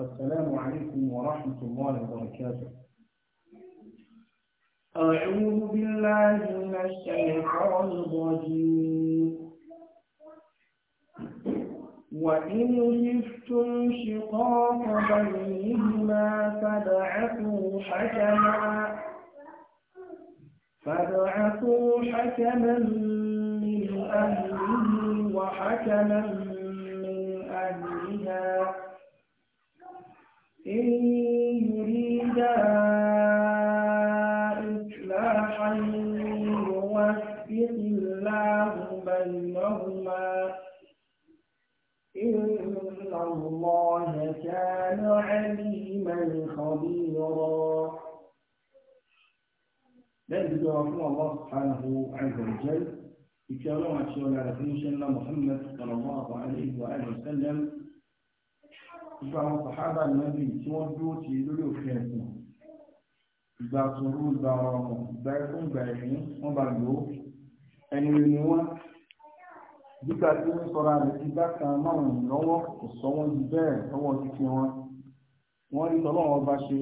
السلام عليكم ورحمة الله وبركاته أعوذ بالله من الشيطان الرجيم وإن جفتم شقاق بينهما فابعثوا حكما فابعثوا حكما من أهله وحكما من أهلها إن يريدا إصلاحا يوفق الله بينهما إن الله كان عليما خبيرا لذلك رحمه الله سبحانه عز وجل يكرم أشياء على صلى الله عليه وآله وسلم ìgbà àwọn sàhábà nàbì tí wọ́n dúró ti lórí òfin ẹ̀sìn ìgbà àtúnrú ìgbà ọ̀rọ̀ ìgbà ẹ̀fún ìgbà ẹ̀mí wọ́n bá lò ó ẹni rẹ̀ ni wọ́n gbígbà tí wọ́n sọra rẹ̀ ti dákan máwọn lọ́wọ́ kò sọ wọ́n ju bẹ́ẹ̀ lọ́wọ́ títí wọn wọ́n rí tọ́lọ́wọ́ bá ṣe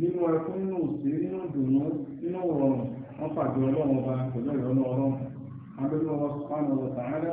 nínú ẹkún nínú òsèré nínú ìdùnnú nínú ìrọ̀rùn wọ́n pàdé ọlọ́run ọba pẹ̀lú ìrọ̀lọ́ ọlọ́run abẹ́lẹ́ ọlọ́run sọ́kànnà ọ̀tàrádá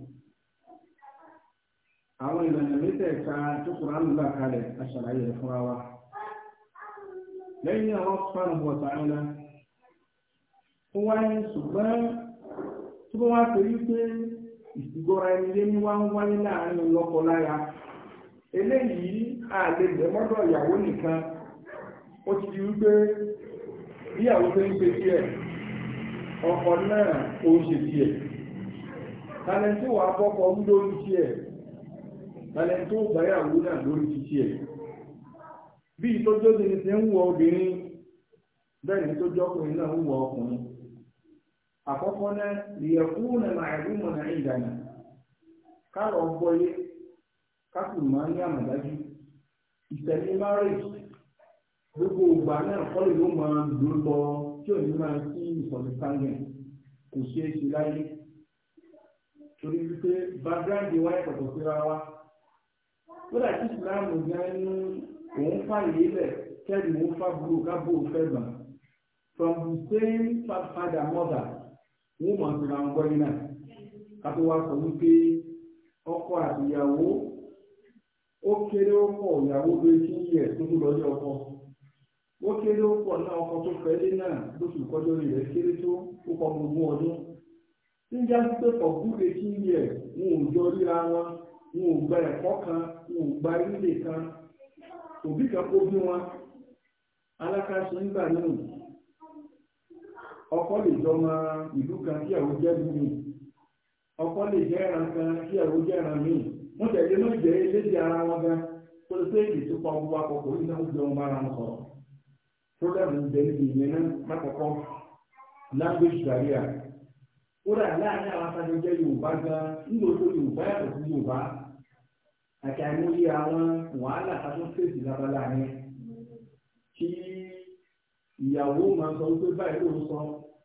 àwọn ìlànà mẹ́tẹ̀ẹ̀ta tó kùrọ̀ ń gbà kalẹ̀ aṣàlàyé rẹ̀ fúnra wa lẹ́yìn àwọn fúnra bọ̀ sàánà ó wá ní ṣùgbọ́n tó bá wá torí pé ìsìgbọ́ra ẹni lé ní wá ń wáyé láàrin eléyìí ìyàwó nìkan ó ti di wípé ìyàwó ń ọkọ náà ó ń ṣe ń lórí tàlẹ́ tó gbáyàwó náà lórí títí ẹ̀ bí ìtọ́jú ní ti ń wọ obìnrin bẹ́ẹ̀ ni ọkùnrin náà ń wọ ọkùnrin àkọ́kọ́ náà ìyẹ̀kú nàmà ẹ̀rú mọ̀nà ìdànà máa ní àmàdájú ìtẹ̀lé márèjì gbogbo náà kọ́lù ló máa lò lọ tí ò ní máa sí kò ṣeé ṣe láyé torí wípé pọ̀tọ̀ wa. kódà kí ìsìláàmù gan ní òun fàyè lẹ̀ kẹ́rì òun fàbúrò kábò fẹ́gbọ̀n from the same father mother wọ́n mọ̀ sí àwọn gbọ́dí náà kátó wá sọ wípé ọkọ àtìyàwó ó kéré ó pọ̀ ìyàwó lórí tí ń yẹ tó ń lọ́jọ́ ọkọ ó kéré ó pọ̀ náà ọkọ tó fẹ́ lé náà lóṣù kọjọ́ rẹ̀ kéré tó ó kọ gbogbo ọdún níjà sí pé for good eighteen years wọn ò jọ ríra wọn wọn ò gba ẹ̀kọ́ kan wọn ò gba ilé kan òbí kan kó bí wọn ọkọ lè jọmọ ìlú kan kí ẹ̀rọ ọkọ lè jẹ́ ẹran kan kí ẹ̀rọ jẹ́ ẹran míì wọ́n tẹ̀lé jẹ́ ara wọn gan tó lè pé ètò pa owó àkọ́kọ́ yìí náà ó wọn ìyẹn náà lákọ̀ọ́kọ́ language barrier kódà àwọn Yorùbá gan nígbà àti àìmọye àwọn wàhálà tàbí fèsì lábala yẹn kí ìyàwó máa sọ wípé báyìí ló ń sọ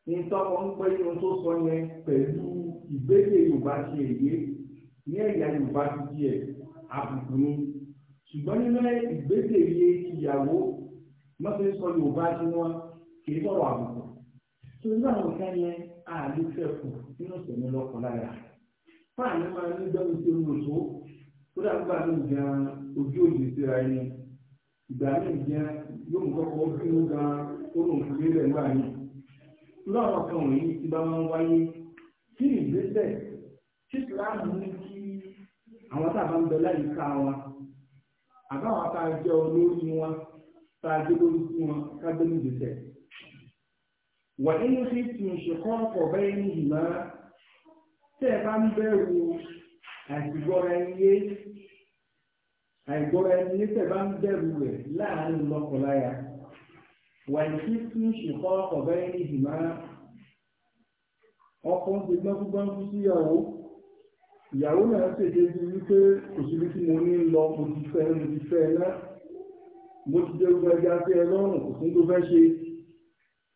ní tọ́kọ ń pẹ́ inú tó sọ yẹn pẹ̀lú ìgbésẹ̀ yorùbá ti èyí ní ẹ̀yà yorùbá ti di ẹ̀ àbùkù ni ṣùgbọ́n nínú ìgbésẹ̀ yẹ ìyàwó wọ́n sọ yorùbá tí wọ́n kì í sọ̀rọ̀ àbùkù tó ní àwọn nǹkan yẹn àlè kù nínú ìṣẹ̀lẹ̀ lọ́kọ̀ọ́ lára fáàní máa ń gbẹ́rù kódà nígbà míì gan ojú òjì síra ẹni ìgbà míì gan yóò mú kọ́kọ́ bínú gan ó lòun fi lé lẹ́gbà yìí irú àwọn kan wọ̀nyí ti bá máa ń wáyé kí ìgbésẹ̀ tí ìsìláàmù ní kí àwọn tá a bá ń bẹ láyìíká wọn àbáwọn tá a jẹ́ olórí wọn tá a jẹ́ lórí fún wọn ká gbé ní ìgbésẹ̀ wà nínú fífi ìṣèkọ́ ọ̀pọ̀ bẹ́ẹ̀ ní ìmọ̀ tẹ́ ẹ bá ń bẹ̀rù àìsígbọ́ra ẹyẹ àìgbọ́ra ẹyẹ tẹ̀ bá ń bẹ̀rù rẹ̀ láàárín lọ́kọláya wàìsí tún ṣìkọ́ ọ̀bẹ ní ìhìmá ọkọ ń ṣe gbọ́ngbọ́ngbọ́ síyàwó ìyàwó náà ṣèṣe bí wípé òṣèlú tí mo ní lọ mo ti fẹ́ mo ti fẹ́ náà mo ti dé gbogbo ẹja sí ẹ lọ́rùn kò fún tó fẹ́ ṣe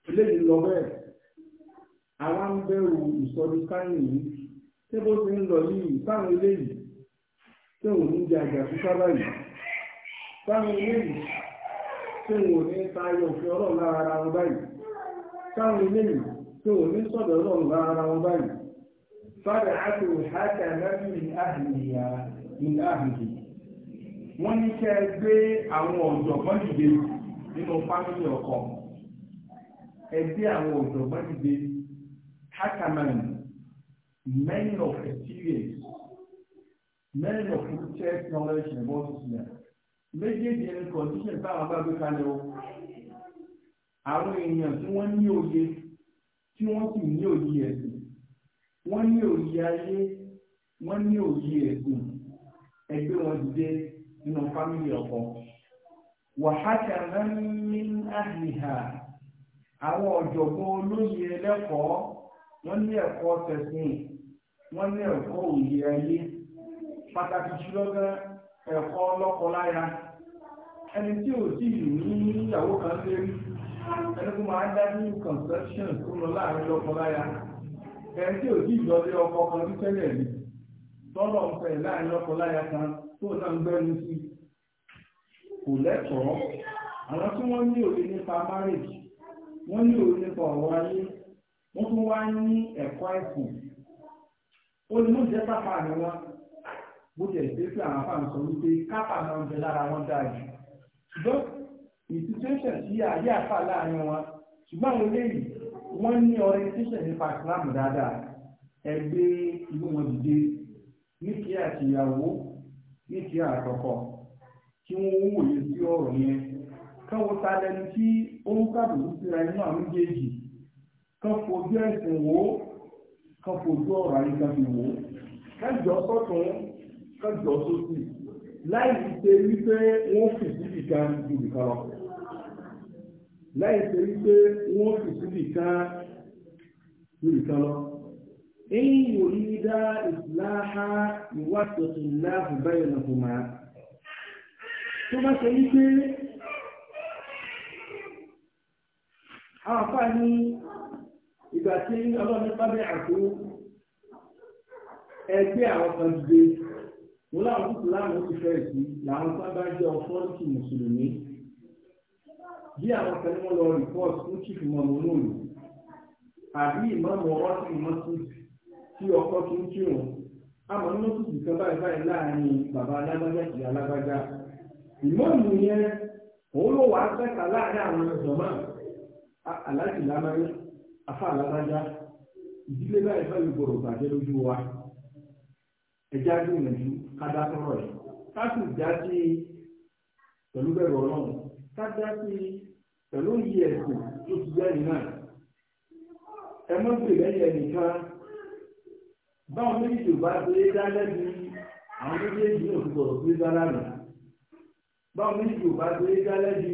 eléyìí lọ bẹ́ẹ̀ àwa ń bẹ̀rù ìsọdún yìí ṣé bó ti ń lọ yìí táwọn eléyìí tí òun ń jẹ àgbà sí sábà yìí táwọn eléyìí tí òun ò ní tayọ òfin ọlọ́run lára ara wọn báyìí táwọn eléyìí tí òun ní sọ̀dọ̀ ọlọ́run lára wọn báyìí àti òṣàkà lábí wọ́n ní gbé àwọn many of experience many of check knowledge and about islam méjèèjì ẹni condition táwọn bá gbé kalẹ̀ o àwọn èèyàn tí wọ́n ní òye tí wọ́n sì ní òye ẹ̀sìn wọ́n ní òye ayé wọ́n ní òye ẹ̀sìn ẹgbẹ́ wọn dìde nínú fámìlì ọkọ wàhálà náà ní àhìhà àwọn ọ̀jọ̀gbọ́n olóyè ẹlẹ́kọ̀ọ́ wọ́n ní ẹ̀kọ́ tẹ̀sìn wọ́n ní ẹ̀kọ́ òye ayé pàtàkì jùlọ gan ẹ̀kọ́ ọlọ́kọ láya ẹni tí ò tí ì ní ìyàwó kan lérí ẹni tó máa ń dá ní conception tó lọ láàrin lọ́kọ láya ẹni tí ò tí ì lọlé ọkọ kan ní tẹ́lẹ̀ ní tọ́lọ̀ ń fẹ́ láàrin lọ́kọ láya kan tó náà ń gbẹ́nu sí kò lẹ́tọ̀ọ́ àwọn tí wọ́n ní òye nípa marriage wọ́n ní òye nípa ọ̀rọ̀ ayé wọ́n tún wá ní ẹ̀kọ́ ẹ̀sìn olùmúṣẹ́ pápá ni wọ́n bó jẹ́ ìpè pé àwọn afáàmì sọ wípé kápá náà ń bẹ lára wọn dáa jù ṣùgbọ́n ìtútẹ́sẹ̀ sí ayé àfà láàrin wọn ṣùgbọ́n àwọn eléyìí wọ́n ní orientation nípa Islam dáadáa ẹgbẹ́ ìlú wọn dìde ní kí àtìyàwó ní kí àtọkọ kí wọ́n wòye sí ọ̀rọ̀ yẹn káwọn ta lẹni tí ó ń kàbùkù síra inú àwọn méjèèjì kan fojú ẹ̀sìn wò ó kan fojú ọ̀rọ̀ ayé kan fi wò ó kájọ sọ́tún kájọ sósì láì ṣe wípé wọ́n fi síbì kan ju nìkan lọ láì ṣe wípé wọ́n fi síbì kan ju nìkan lọ. إن يريدا إصلاحا يوفق الله بينهما tó bá ṣe ní pé àfáà ní ìgbà tí ọlọ́run tábí àkó ẹgbẹ́ àwọn kan dìde wọn láwọn kúkú láwọn ti fẹ́ sí làwọn sábà jẹ́ ọfọ́ọ̀tì mùsùlùmí bí àwọn kan ní wọ́n lọ rìpọ́t fún chief mọ̀mọ́nù àbí ìmọ̀mọ̀ ọ̀sìn mọ́tò tí ọkọ̀ tó ń kírun àmọ́ nínú tó sì kan báyìí báyìí láàrin bàbá alágbájá ìyá alágbájá ìmọ̀mù yẹn òun ló wàá fẹ́ka láàrin àwọn ìjọba afá alágbájá ìdílé báyìí báyìí gbòòrò bàjẹ́ lójú wa ẹja gbìyànjú kádá tọrọ ẹ̀ ká sì já sí pẹ̀lú bẹ̀rù ọlọ́run ká já sí pẹ̀lú iye ẹ̀sìn tó ti lẹ́yìn náà ẹ mọ́ sí lẹ́yìn ẹnìkan báwọn méjì bá ṣe dá lẹ́bi àwọn méjèèjì náà ti gbọ̀rọ̀ pé dára nù báwọn méjì bá ṣe dá lẹ́bi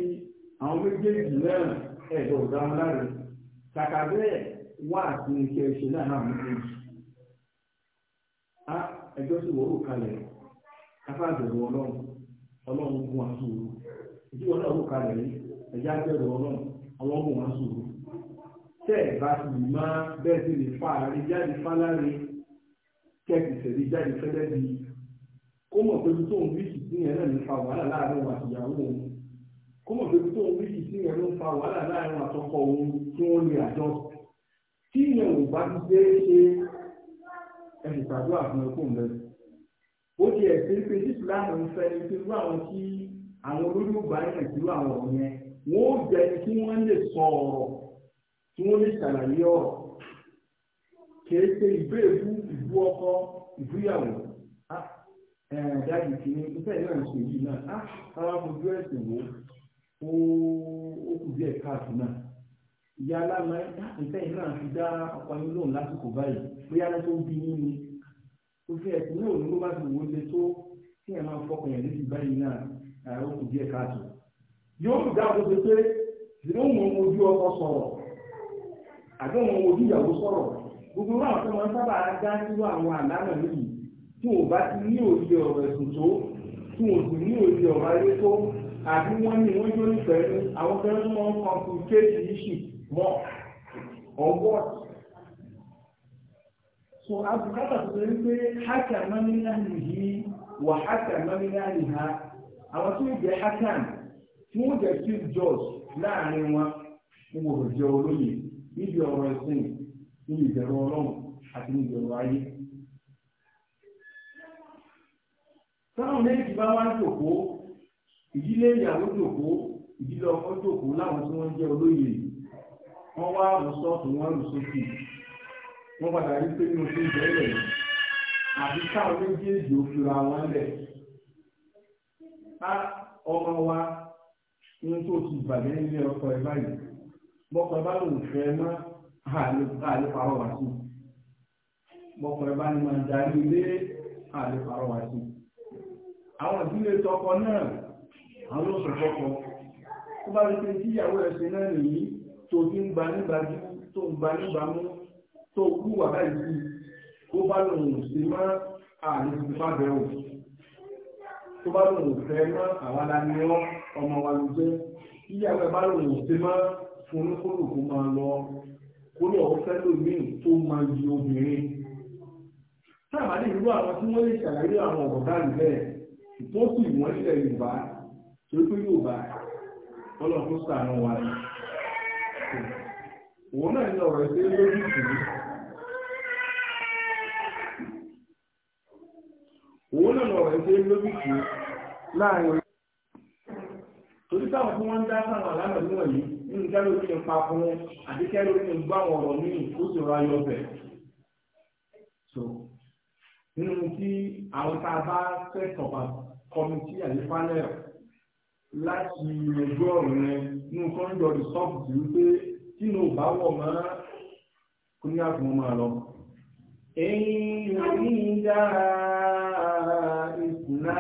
àwọn méjèèjì náà ẹ̀dọ̀ ọ̀gá wọn láre. kàkà a wá àti nìkẹ́ ṣe náà náà mú a ah, ẹjọ́ sì wọ́rọ̀ kalẹ̀ afáàbẹ̀rẹ̀ ọlọ́run ọlọ́run gun àsùnwò ìdí wọn náà wọ́rọ̀ kalẹ̀ yìí ẹ̀já bẹ̀rẹ̀ ọlọ́run ọlọ́run gun àsùnwò tẹ́ ẹ̀ bá sì máa bẹ́ẹ̀ sì lè fa àárín jáde fáláre kẹ́ẹ̀kì tẹ̀lé jáde fẹ́lẹ́ bí kó mọ̀ pé tó fa kó mọ̀ tó ń rí ìsìn rẹ̀ ló ń fa wàhálà láàrin àtọkọ òun tí wọ́n lè àjọ tí ìyẹn ò bá ti dé ṣe ẹ̀sìn ìpàdúrà fún ẹkùn rẹ̀ ó ti ẹ̀sìn pé títí láàrin fẹ́ ni pé àwọn tí àwọn olórí ògbà yẹn ìdúró àwọn ọ̀rọ̀ yẹn wọ́n ó jẹ́ kí wọ́n lè sọ ọ̀rọ̀ tí wọ́n lè ṣàlàyé ọ̀rọ̀ kìí ṣe ìbú ìbú ọkọ ìbúyàwó ah, ẹ̀ẹ́dájú kìíní nípa ìlànà ìṣèlú náà ah, á rárá fojú ẹ̀sìn wò ó. ó kù díẹ̀ káàtó náà ìyá aláma nǹkan yìí náà fi dá ọkọ yín lóhùn lásìkò báyìí bóyá ló tó ń bí yín ni ó fi ẹ̀sìn náà ní ló bá ti wò ó tó kí ẹ̀ máa fọkàn yẹn létí báyìí náà ó kù díẹ̀ káàtó yóò dá o pé pé ìdílé òun ojú ọkọ sọrọ àbí òun ojú ìyàwó gbogbo wọn sábà dá àwọn yìí tí ti ní òye tó tí wọn sì ní òye ayé àbí wọ́n ní wọ́n yóò nífẹ̀ẹ́ ní àwọn fẹ́rẹ́ ọkụ máa ń complicate issue more so abùkátà tó sọ pé hákà mọ́nìyà nìyí wà hákà mọ́nìyà nìyà àwọn tó jẹ́ hákà tí wọ́n jẹ́ chief judge láàrin wọn wò lè jẹ́ olóyè níbi ọ̀rọ̀ ẹ̀sìn níbi ìbẹ̀rù ọlọ́run àti níbi ayé. méjì bá wá ń ìdílé ìyàwó jòkó ìdílé ọkọ jòkó láwọn tí wọ́n jẹ́ olóyè wọ́n wá rùsọ́ọ̀tù wọ́n rùsọ́ọ̀tù wọ́n padà rí pé nínú tó bẹ̀rẹ̀ àti káwọn méjèèjì ò fi ra wọn lẹ̀ ọmọ wa ní tó ti bàjẹ́ nílé ọkọ ẹ báyìí bọ́kọ bá lòun fẹ́ mọ́ àlepàrọ̀ wá sí bọ́kọ ẹ bá ní máa darí ilé àlepàrọ̀ wá sí àwọn ìdílé tọkọ náà àwọn oṣù fọ́kọ́ tó bá rí pé tí ìyàwó ẹ̀ṣẹ̀ náà nìyí tó fi ń gba nígbà jú tó ń gba nígbà mú tó kú wà báyìí sí kó bá lòun sí mọ́ ààrẹ ti bá bẹ̀rù tó bá lòun fẹ́ mọ́ àwa la ní ọ́ ọmọ wa ló jẹ́ ìyàwó ẹ̀ bá lòun sí mọ́ fún kólù máa lọ kólù ọ̀hún fẹ́ lómìn tó máa di obìnrin táàbà ní ìlú àwọn tí wọ́n lè ṣàlàyé àwọn ọ̀gá ìbẹ́ẹ̀ tó sì wọ́n ilẹ̀ Yorùbá torí yóò bá tọ́lọ̀ tó sàánú wa ni òun náà ní ọ̀rọ̀ ìṣe lórí ìṣèlú òun náà ní ọ̀rọ̀ ìṣe lórí ìṣèlú láàrin torí táwọn tí wọ́n ń dá sáwọn àlànà níwọ̀n yìí nínú kẹ́lò tí ń pa fún wọn àti kẹ́lò tí ń gbá wọn ọ̀rọ̀ míì ó ayọ̀ bẹ̀. nínú tí àwọn tá a bá fẹ́ kọ̀ọ̀bà kọ́mi sí àyíká láti ẹjọ́ ọ̀rọ̀ yẹn nínú kọ́ńdọ̀ rẹ̀ sọ́ọ̀bù sí wípé tí ní ò bá wọ̀ mọ́ kó ní àkùnmọ́ máa lọ. èyí ní ìjà ìsìnà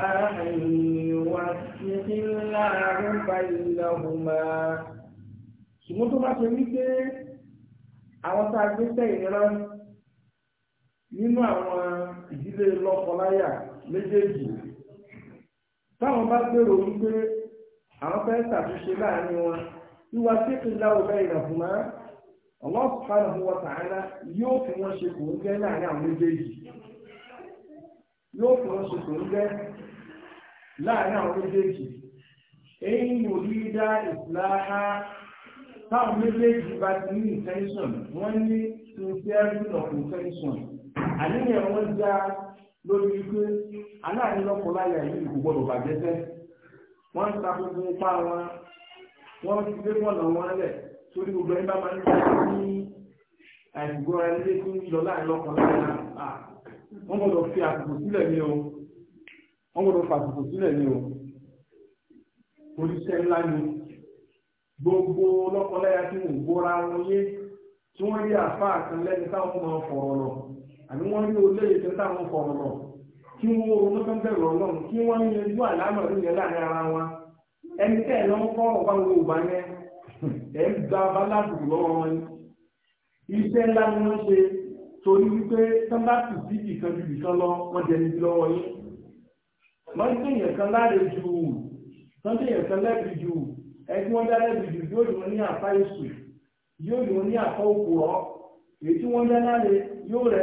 ìwà títí láàrin báyìí ṣùgbọ́n tó bá ṣe wípé àwọn tá a gbé sẹ́yìn rẹ nínú àwọn ìdílé lọ́kọláya méjèèjì táwọn bá gbèrò wípé àwọn fẹ́ ṣàtúnṣe láàrin wọn wíwá síkì láwọ bẹ́ẹ̀ ìrànfùmá Allah subhanahu wa ta'ala yóò fi wọn ṣe kò ń gẹ́ láàrin àwọn méjèèjì yóò fi wọn ṣe kò ń gẹ́ láàrin àwọn méjèèjì èyí ni òdìdá ìsìláha táwọn méjèèjì bá ti ní intention wọ́n ní sincerity of intention àníyàn wọn já lórí wípé aláàrin lọ́kọ̀ọ́láyà yìí kò gbọ́dọ̀ bàjẹ́ fẹ́ wọ́n ń ta gbogbo ipá wọn wọ́n ti gbé pọ̀nà wọn lẹ̀ sórí gbogbo ẹni bá máa ń ta ní àìgbọ́ra ilé tó ń lọ láàrin lọ́kọ̀ọ́lá wọ́n gbọ́dọ̀ fi àsìkò sílẹ̀ ní o wọ́n gbọ́dọ̀ fi àsìkò sílẹ̀ ní o oríṣẹ́ ńlá ni gbogbo lọ́kọ̀ọ́láyà tí wọ́n gbóra wọn yé tí wọ́n rí àfáà kan lẹ́ni táwọn máa fọ̀rọ̀ lọ àbí wọ́n rí olóyè kan táwọn fọ̀rọ̀ lọ kí wọ́n wo ló fẹ́ bẹ̀rù ọlọ́run kí wọ́n yanjú àlámọ̀ ló yẹ láàrin ara wọn ẹni tẹ́ ẹ̀ lọ́ ń kọ́ ọ̀pá wo òbá yẹn ń gba lọ́wọ́ wọn iṣẹ́ ńlá ni wọ́n ṣe torí wípé sí ìkan ju ìkan lọ wọ́n jẹ níbi lọ́wọ́ yín wọ́n èyí tí wọ́n dá láre yóò rẹ̀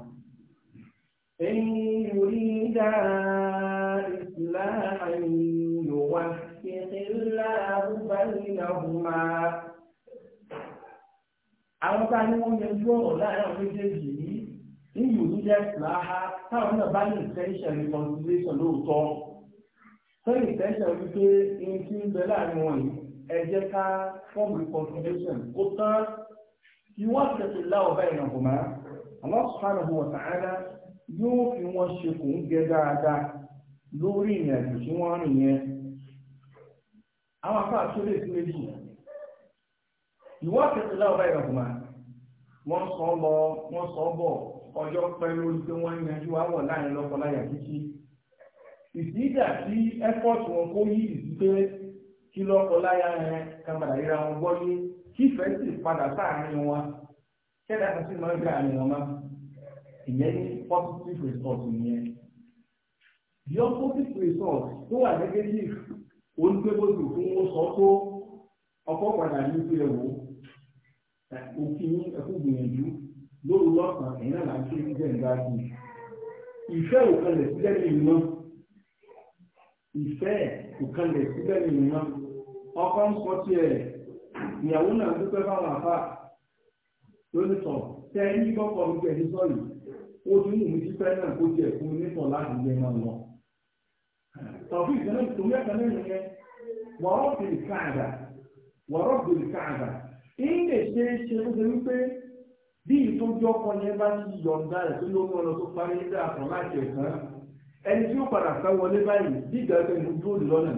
إن يريدا إصلاحا يوفق الله بينهما àwọn tá a ní wọ́n yẹn gbọ́ ọ̀rọ̀ láàrin àwọn méjèèjì yìí ní yòóní jẹ́ ìlàáha táwọn náà bá ní intention reconciliation lóòótọ́ fún intention wípé ní tí ń bẹ láàrin wọn yìí ẹ ká form reconciliation ó tán kí wọ́n tẹ̀sí láwọ̀ báyìí náà yóò fi wọn ṣe kò ń gẹ dáadáa lórí ìrìn àjò tí wọ́n rìn yẹn àwọn afáà tó lè tún méjì ìwọ́ àtẹ̀tẹ̀ láwọ́ ìrọ̀kùnmá sọ lọ wọ́n sọ bọ̀ ọjọ́ pẹ́ lórí pé wọ́n yanjú àwọ̀ láàrin lọ́kọláya títí ìsìdà tí ẹ́fọ́ọ̀tì wọn kó yí ìsìté kí wọn gbọ́ yé kí sì padà wọn kan sì máa ìyẹn ní positive result nìyẹn the positive result tó wà negative onígbébójú fún wọn sọ tó ọkọ padà ní pé ẹ wò òfin ẹkú gbìyànjú lóru lọ́sàn-án ẹ̀yìn náà láti ṣe ìjẹ́ ìgbà jù ìfẹ́ òkanlẹ̀ síbẹ̀ ní ìmọ̀ ìfẹ́ òkanlẹ̀ síbẹ̀ ní ìmọ̀ ọkọ ń sọ tiẹ̀ ìyàwó náà dúpẹ́ fáwọn àfà lónìí sọ tẹ́ ẹ ní bọ́kọ̀ ọ̀gbẹ́ ní sọ́yìí ó mú mi sí pẹ́ẹ́nà kó jẹ́ fún mi nítàn láti gbé náà lọ. tàbí ìṣẹ̀lẹ̀ tó mẹ́ta mẹ́rin yẹn wọ́rọ́ bèrè káàdà wọ́rọ́ bèrè káàdà èyí ṣe é ṣe ó ṣe wípé bí ìtọ́jú ọkọ yẹn bá ti yọ̀ǹda rẹ̀ tó ló mú tó parí ní àtọ̀ láti ẹ̀kan ẹni tí ó padà fẹ́ wọlé báyìí bí ìgbà ẹgbẹ́ dúró lọ́nà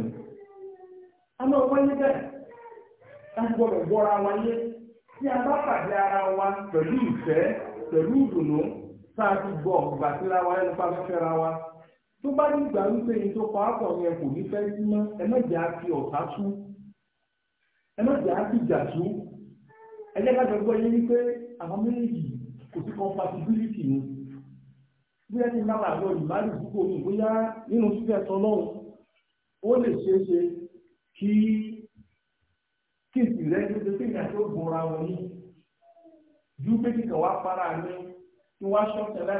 pẹ̀lú ìfẹ́ pẹ̀lú ìdùnnú tá a ti gbọ́ ọ̀gbà síra wa ẹnu pa fẹ́ra wa tó bá ní ìgbà wípé ní tó pàápọ̀ yẹn kò ní fẹ́ sí mọ́ ẹ má jẹ́ àti ọ̀tá tú ẹ má jẹ́ àti ìjà tú ẹ jẹ́ ká gbọ́ yé wípé àwọn méjèèjì kò sí compatibility ni bí ẹni máa wà lọ ìmáàlì púpọ̀ mi bóyá nínú fífẹ́ tọ́lọ́hún ó lè ṣeé ṣe kí kí ìsìn rẹ tó ṣe ìyàtọ̀ gbọ́ra wọn ní ju pé kíkà wá para ní kí wọ́n aṣọ tẹ̀lé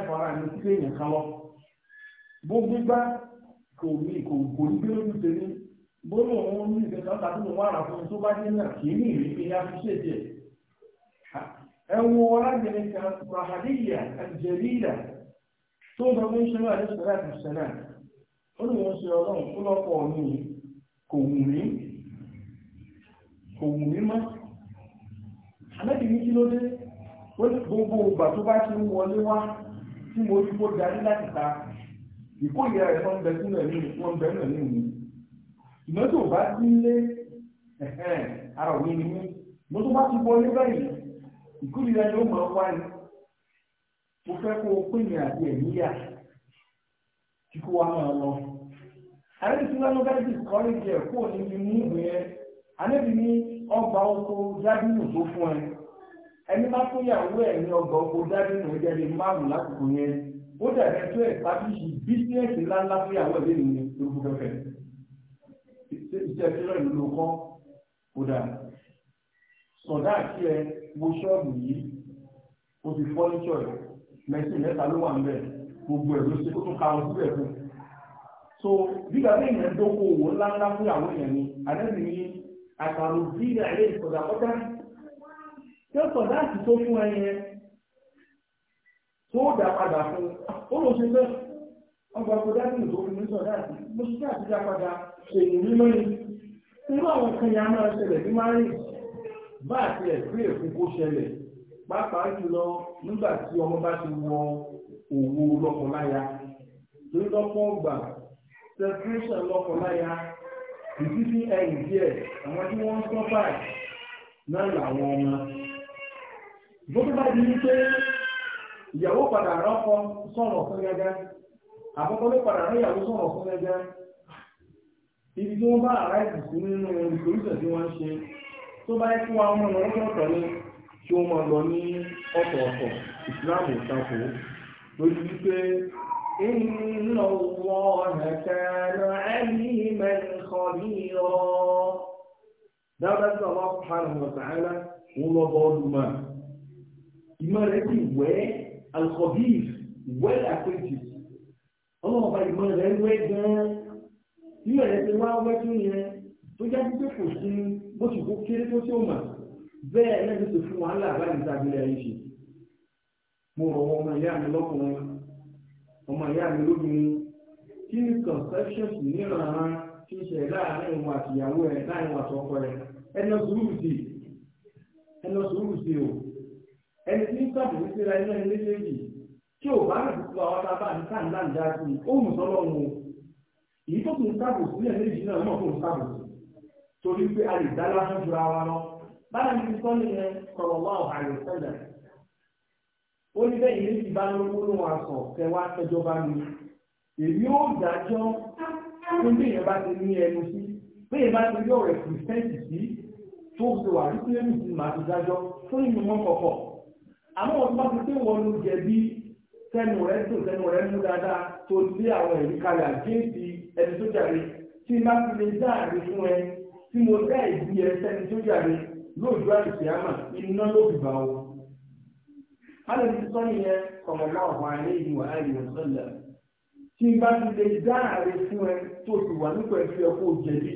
sílé èèyàn kan lọ bó gbígbá kò ní kò kò ní bí ó ní bó lò ó ní ìṣẹ̀lẹ̀ ọ̀tà tó wọ́n àrà fún tó bá dé náà kì í ní ìrírí ní àfiṣèjì ẹ̀ ẹ̀wọ̀n ọ̀rábìnrin kan rahadiya algeria tó ń sọ fún ṣẹlẹ̀ àti ṣẹlẹ̀ ó ní wọ́n ṣe ọlọ́run kó lọ́pọ̀ mi kò wù mí kò wù mí mọ́ àlẹ́ kí ló dé ó ní gbogbo ìgbà tó bá ti ń wọlé wá tí mo rí kó darí láti ta wọ́n bẹ sínú ẹ̀mí wọ́n bẹ náà nínú mi bá ti ń lé ara òní ni mí mo tó bá ti wọlé báyìí ìkórìíra ni ó máa wá ni mo fẹ́ kó o àti ẹ̀mí yà kí kó wa ẹni bá fún ìyàwó ẹ̀ ní ọgbà oko dájú ní ọjọ́ ilé márùn-ún lásìkò yẹn ó dàbẹ̀ tó ẹ̀ pàtíṣì bísíẹ̀sì ńláńlá fún ìyàwó ẹ̀ lẹ́nu lójú fẹ́fẹ́ iṣẹ́ tẹ́lẹ̀ ló ló kọ́ kódà sọ̀dá àti ẹ wo ṣọ́ọ̀bù yìí o ti fọ́níṣọ̀ ẹ̀ mẹ́sìn mẹ́ta ló wà ń bẹ̀ gbogbo ẹ̀ ló ṣe ó tún ka ọ síbẹ̀ fún so gbígbà bí ìyẹn dókòwò ńláńlá fún ìyàwó yẹn ni àdẹ́sìn ní àtàrò bí ilẹ̀ ayé ìsọ̀dà kọ́tà yóò sọ láti tó fún ẹni yẹn tó dá padà fún ó lọ ṣe bẹ́ẹ̀ ọgbà kó dájú tó fún mi sọ láti mo ṣe láti dá padà èyí mímọ́ ni nínú àwọn kan yẹn a máa ṣẹlẹ̀ bí máa rìn bá àti ẹ̀gbé ẹ̀kú kó ṣẹlẹ̀ pàápàá jùlọ nígbà tí ọmọ bá ti wọ òwò lọ́kọláya torí lọ́pọ̀ ọgbà celebration lọ́kọláya ìdí sí ẹ̀yìn díẹ̀ àwọn tí wọ́n ń sọ́fà náà làwọn ọmọ gbogbo bá di wípé ìyàwó padà rọ́kọ sọ̀rọ̀ fún gẹ́gẹ́ àkọ́kọ́ ló padà rán ìyàwó sọ̀rọ̀ fún gẹ́gẹ́ ibi tí wọ́n bá àrá ìbùkún nínú ìgbòrísẹ̀ tí wọ́n ṣe tó bá kú àwọn ọmọ ọlọ́tọ̀ọ̀tọ̀ ni kí wọ́n máa lọ ní ọ̀tọ̀ọ̀tọ̀ ìsìláàmù ìtakò lórí wípé إن الله كان عليما خبيرا ده بس الله سبحانه وتعالى ولو ظلمه ìmọ̀ rẹ̀ ti wẹ́ alkọ̀bíf well acquainted ọlọ́run ọba ìmọ̀ rẹ̀ wẹ́ gan-an ìmọ̀ rẹ̀ ti wá wẹ́ tó yẹn tó jáde pé kò sí bó ti kó kéré tó tí ó mà bẹ́ẹ̀ lẹ́nu ti fún wàhálà báyìí tábìlẹ̀ yìí ṣe mo rọ̀ ọmọ ìyá mi lọ́kùnrin ọmọ ìyá mi lóbìnrin kí ni conceptions níran ti ṣe láàrin òun àtìyàwó ẹ̀ láàrin òun àtọkọ rẹ̀ ẹnà sùúrù sí ẹnà sùúrù sí o ẹni tí ń sọ̀tún ní síra iná ilé léyìí tí ò bá rẹ̀ tó àwọn tábà ní káńdà ń dá sí ó mú sọ́lọ́ wọn èyí tó kún sábò sílẹ̀ méjì náà mọ̀ fún sábò torí pé a lè dá lásán jura wa lọ bára ní ti sọ́lé yẹn sọ̀rọ̀ wá ọ̀hà rẹ̀ sẹ́lẹ̀ ó ní bẹ́ẹ̀ ilé ti bá lówó ló wà sọ kẹ wá tẹjọ́ bá mi èmi ó dájọ́ tó bí èèyàn bá ti ní ẹnu sí bí èèyàn bá ti rí ọ̀rẹ́ kìrìsẹ́ǹtì sí tó ti wà ní sílẹ̀ nìyí màá ti dájọ́ tó nínú kọ̀ọ̀kọ̀ọ̀ àmọ́ wọn bá ti pé wọn ló jẹ̀bi sẹ́nu rẹ̀ dùn sẹ́nu rẹ̀ mú dáadáa tó lé àwọn ẹ̀rí kalẹ̀ àgéèdì ẹni tó jàre tí má fi lè dá àrí fún ẹ tí mo dá ìdí ẹ sẹ́ni tó jàre lóòjú àìsí àmà iná ló bìbà o. alẹ́ ti sọ nìyẹn kọ̀mọ̀mọ́ ọ̀hún ayé ìwà ayé ìwọ̀sọ̀lẹ̀ tí má fi lè dá fún ẹ tó ti wà nípa ẹ̀fí ọkọ̀ jẹ̀bi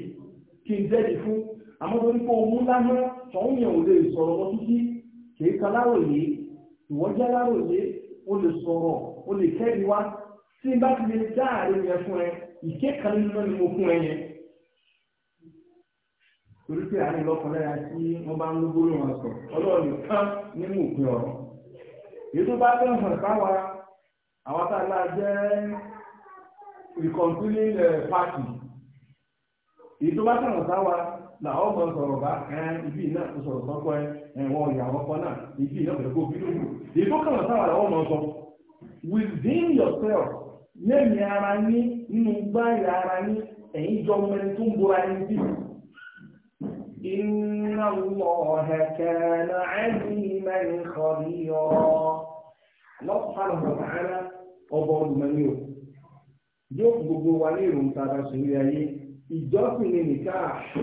kí n jẹ́bi fún àmọ́ torí pé òun lánàá tọ́hún yẹn ò lè sọ̀rọ̀ lọ títí kì í kaláwọ̀ yìí ìwọ́jẹ́ láròyé o lè sọ̀rọ̀ o lè kẹ́rì wá tí bá ti lè dá àárín yẹn fún ẹ ìké kan nínú ni mo fún ẹ yẹn. torí pé àárín lọ́kàn lára tí wọ́n bá ń ló gbólóhùn wọn sọ ọlọ́run nìkan ọ̀rọ̀. èyí tó bá káwa làwọn ọmọ sọ̀rọ̀ bá ẹn ibi iná kò sọ̀rọ̀ sọ́kọ́ ẹ ẹ̀wọ̀n ìyàwó ọkọ náà ibi iná kò fi lóyún èyí tó kàn sáwà làwọn ọmọ sọ within yourself lẹ́mìí ara yín nínú gbáyà ara yín ẹ̀yin jọ mẹ́rin tó ń bora yín bí. inna Allaha kana aliman khabira lọ́pàá lọ́pàá ọba olùmọ̀ni o yóò gbogbo wa ní ìròǹtà àbáṣe ilé ayé ìjọ́sìn ní nìkan àṣọ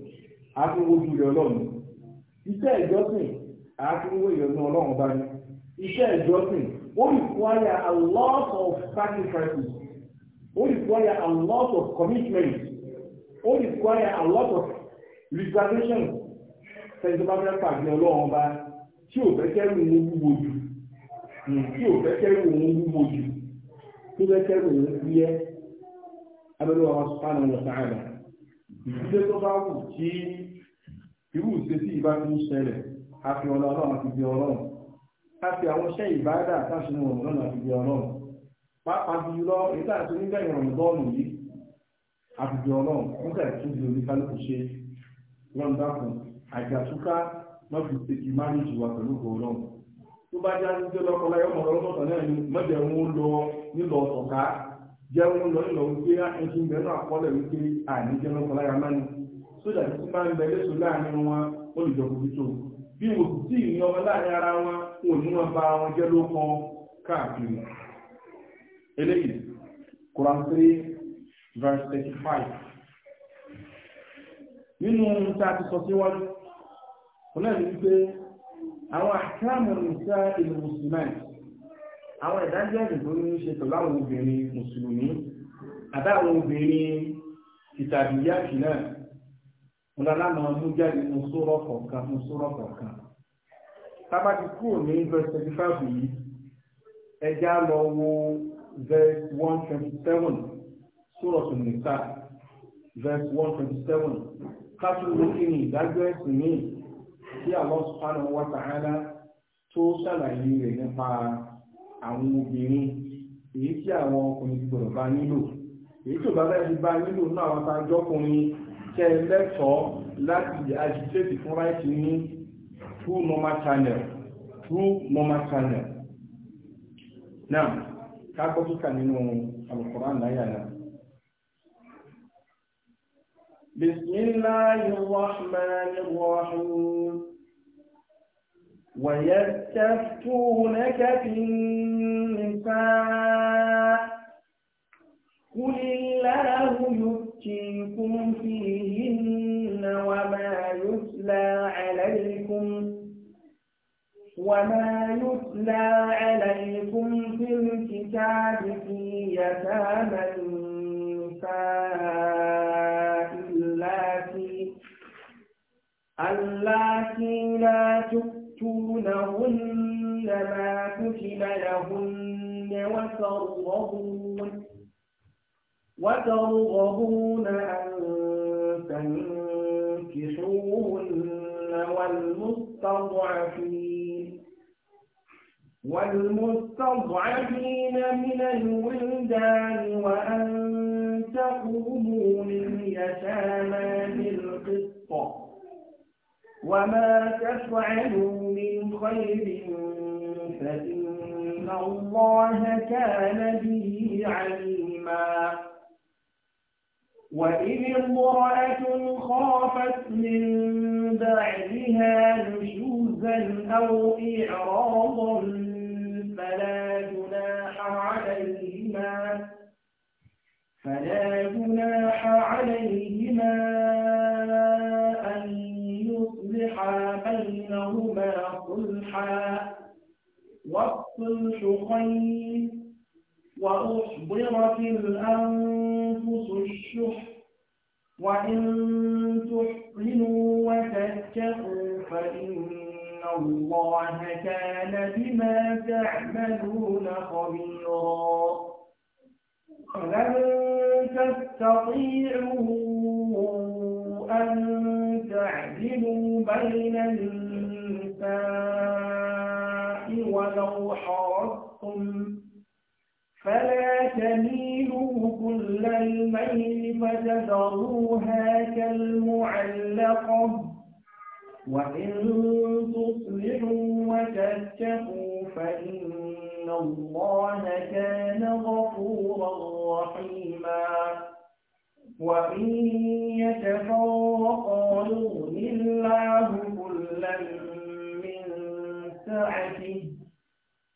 àtúnwójú rẹ ọlọ́run iṣẹ́ ìjọsìn àtúnwó ìyọnu ọlọ́run bá ní iṣẹ́ ìjọsìn ó require a lot of sacrifices ó require a lot of commitment ó require a lot of reservation tẹ̀sán bá fẹ́ pàdé ọlọ́run bá tí ò fẹ́ kẹ́rù ní wúwo jù hmm, tí ò fẹ́ kẹ́rù ní wúwo jù tó fẹ́ kẹ́rù ní fúyẹ́ abẹ́lẹ́ wa sùpánù wọ̀ sáà náà ìdílé tó bá wù kí irú ìṣesí ìbá ti ń ṣẹlẹ̀ àfi ọ̀nà ọlọ́run àti ibi ọlọ́run àti àwọn iṣẹ́ ìbáradà àtàṣinú ọ̀nà ọlọ́run àti ibi ọlọ́run pàápàá jùlọ ìta àti onígbẹ̀yìn ọ̀rọ̀ bọ́ọ̀lù yìí àti ibi ọlọ́run wọ́n kà tún di oníkálukú ṣe lọ́n dákun àjàtúká wọ́n fi ṣe ìmáàlìjì wa pẹ̀lú ọlọ́run tó bá já ní jẹun lọ ìlọ wípé ẹṣin ń bẹ náà kọ́lẹ̀ wípé àní jẹun lọ́kọ̀ láyà máa ní sójà tí máa ń bẹ lẹ́sọ̀ láàrin wọn ó lè jọkùn tó bí mo sì tí ìyìn ọmọ láàrin ara wọn wọn ò ní wọn bá wọn jẹ́ ló kọ káàkiri eléyìí Quran three verse thirty five nínú tá a ti sọ síwájú wọn náà ní wípé àwọn àkàmù nìsa ìlú mùsùlùmí àwọn ìdájọ́ ẹ̀sìn tó ní ṣe pẹ̀lú àwọn obìnrin mùsùlùmí àtàwọn obìnrin ìtàbíyàkì náà wọn lọ lámà mú jáde mú sórọ̀ kọ̀ọ̀kan mú sórọ̀ kọ̀ọ̀kan tábà ti kúrò ní verse twenty five yìí ẹja lọ wo verse one twenty seven sórọ̀ tó nìta verse one twenty seven kátóló kí ni ìdájọ́ ẹ̀sìn míì tí Allah subhanahu wa ta'ala tó ṣàlàyé rẹ̀ nípa àwọn obìnrin èyí tí àwọn ọkùnrin ti gbọdọ̀ bá nílò èyí tó bá bẹ́ẹ̀ ti bá nílò náà àwọn atajọ́kùnrin tẹ́ lẹ́tọ̀ọ́ láti agitate fún ráìtì ní through normal channel through normal channel náà kágbọ́ kíkà nínú Al-Qur'an láyà náà. بسم الله الرحمن الرحيم ويستفتونك في النساء قل الله يفتيكم فيهن وما يتلى عليكم وما يتلى عليكم في الكتاب في يتامى النساء اللاتي اللاتي لا تؤمن يؤتونهن ما كتب لهن وترغبون وترغبون أن تنكحوهن والمستضعفين والمستضعفين من الولدان وأن تقوموا يتامى بالقسط وما تفعلوا من خير فإن الله كان به عليما وإذ امرأة خافت من بعدها نشوزا أو إعراضا فلا جناح عليهما فلا جناح عليهما منحى والصلح وأحضرت الأنفس الشح وإن تحقنوا وتتقوا فإن الله كان بما تعملون خبيرا فلن تستطيعوا أن تعدلوا بين الناس ولو حرصتم فلا تميلوا كل الميل فتذروها كالمعلقة وإن تصلحوا وتتقوا فإن الله كان غفورا رحيما وإن يتفرقا يغني الله كلا سعته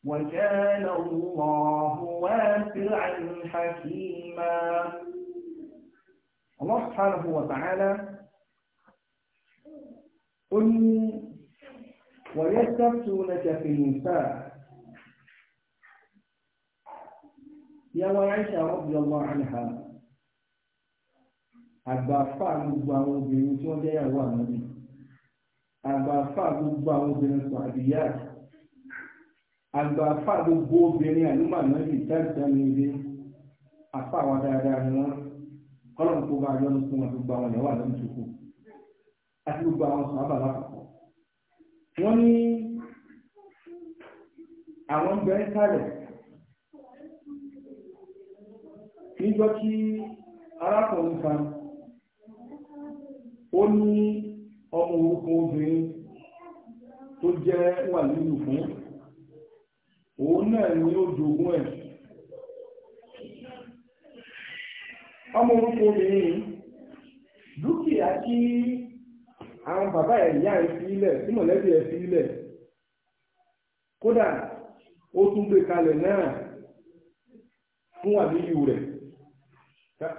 وكان الله واسعا حكيما الله سبحانه وتعالى قل ويستفتونك في النساء يا عائشة رضي الله عنها أبا gbogbo àwọn obìnrin tí wọ́n jẹ́ ìyàwó àmọ́bí àgbà àfa gbogbo obìnrin àlùmọ̀ náà yìí tẹ́tẹ́ mi ilé àfa àwọn dáadáa ni wọ́n kọ́lọ́n kó bá yọ́nu fún wọn gbogbo àwọn ìyàwó àlọ́ ìṣòkò àti gbogbo àwọn sàábà lápapọ̀. wọ́n ní àwọn ń bẹ ń sálẹ̀ níjọ́ tí arákùnrin kan ó ní ọmọ orúkọ obìnrin tó jẹ́ wà nínú fún òun náà ni ó jogún ẹ̀ ọmọ orúkọ obìnrin dúkìá tí àwọn bàbá ẹ̀ ìyá ẹ̀ fi ilẹ̀ tí mọ̀lẹ́bí ẹ̀ fi ilẹ̀ kódà ó tún gbé kalẹ̀ náà fún àbíyù rẹ̀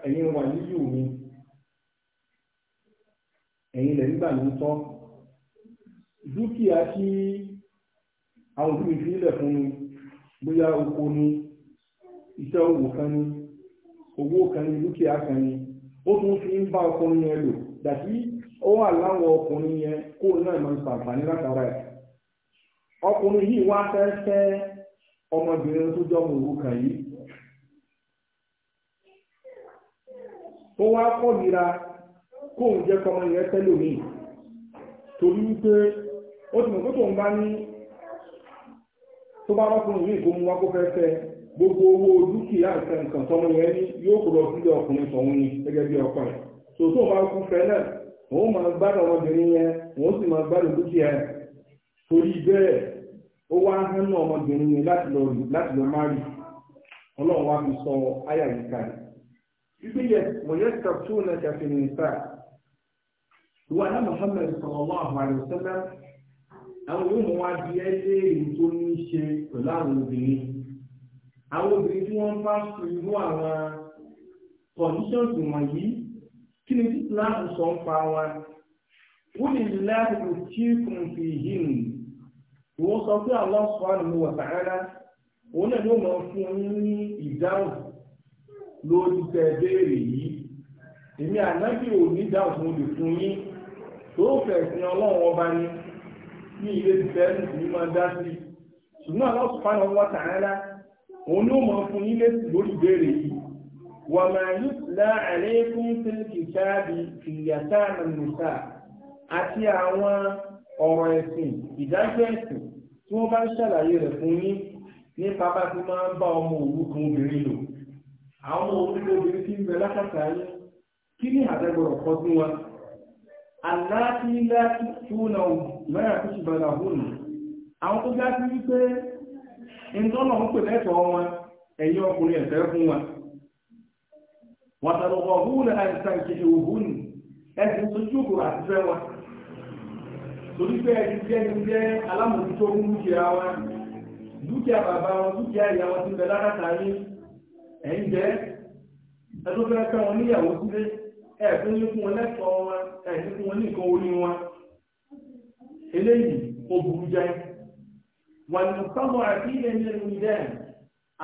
ẹ̀yin wà níyù mi ẹ̀yin lẹ̀ nígbà ní tán dúkìá tí àwọn òbí mi fi ilẹ̀ fún mi bóyá oko ni iṣẹ́ òwò kan ni owó kan ni dúkìá kan ó tún fi ń bá ọkùnrin yẹn lò dàbí ó wà láwọn ọkùnrin yẹn kó náà máa ń ṣàǹfààní látara ẹ̀ ọkùnrin yìí wá fẹ́ ọmọbìnrin tó jọmọ òwò kan yìí ó wá jẹ́ kọ́mọ yẹn torí tó bá rọ́kùnrin ní ìgbóhùn wá kó fẹ́ gbogbo owó dúkìá nǹkan nǹkan tọ́mọ yẹn ní yóò kwuru lọ sílé ọkùnrin tọ̀hún ni gẹ́gẹ́ bí ọkọ rẹ̀ tòótọ́ bá kú fẹ́ náà máa gbádùn ọmọbìnrin yẹn sì máa gbádùn dúkìá yẹn torí bẹ́ẹ̀ ó wá hán náà ọmọbìnrin yẹn láti lọ láti lọ má rí ọlọ́run wá fi sọ áyà yìí kàfin àwọn yóò mú wá di ẹ́lẹ́ èyí tó ní í ṣe pẹ̀lú àwọn obìnrin àwọn obìnrin tí wọ́n bá fi irú àwọn conditions wọ̀nyí kí ni tí láàbù sọ ń pa wa wọ́n lè láàbù tí kùn fi yìí nù wọ́n sọ pé Allah subhanahu wa ta'ala òun náà ló mọ̀ fún ní ìdáhùn lórí tẹ béèrè yìí èmi ànábì ò ní ìdáhùn fún olè fún yín tó fẹ̀sìn ọlọ́run ọba ni ní ilé ti fẹ́ ní máa dá sí ṣùgbọ́n Allah subhanahu wa ta'ala òun ló mọ̀ fún yín lé lórí ìbéèrè yìí wà máa yí lá alaykum fil kitabi ìyàtà àmàlùsà àti àwọn ọ̀rọ̀ ẹ̀sìn ìdájọ́ ẹ̀sìn tí wọ́n bá ń ṣàlàyé rẹ̀ fún yín nípa bá ti máa ń bá ọmọ òrukàn obìnrin lò àwọn òrukàn obìnrin tí ń bẹ lákàtà yín kí ni àtẹ́gbọ̀rọ̀ kọ́ sí wọn aláàtí láti túnà lọ́yà tó ṣe bẹ̀rẹ̀ àhúnù àwọn tó já sí wípé ìtọ́nà ń pè lẹ́tọ̀ọ́ wọn ẹ̀yìn ọkùnrin ẹ̀fẹ́ fún wa wàtàlọ́wọ́ húnà àìsàn ìṣẹ̀ṣẹ̀ òhúnù ẹ̀sìn tó jókòó àti fẹ́ wọn torí pé alámòjútó ẹ̀yìn jẹ́ fẹ́ wọn níyàwó sílé ẹ̀fún ní wọn lẹ́tọ̀ọ́ wọn ẹ̀fún fún wọn ní nǹkan orí wọn eléyìí ó burú jẹ́ wọn ní sọ́mọ àti ilẹ̀ ní ẹnu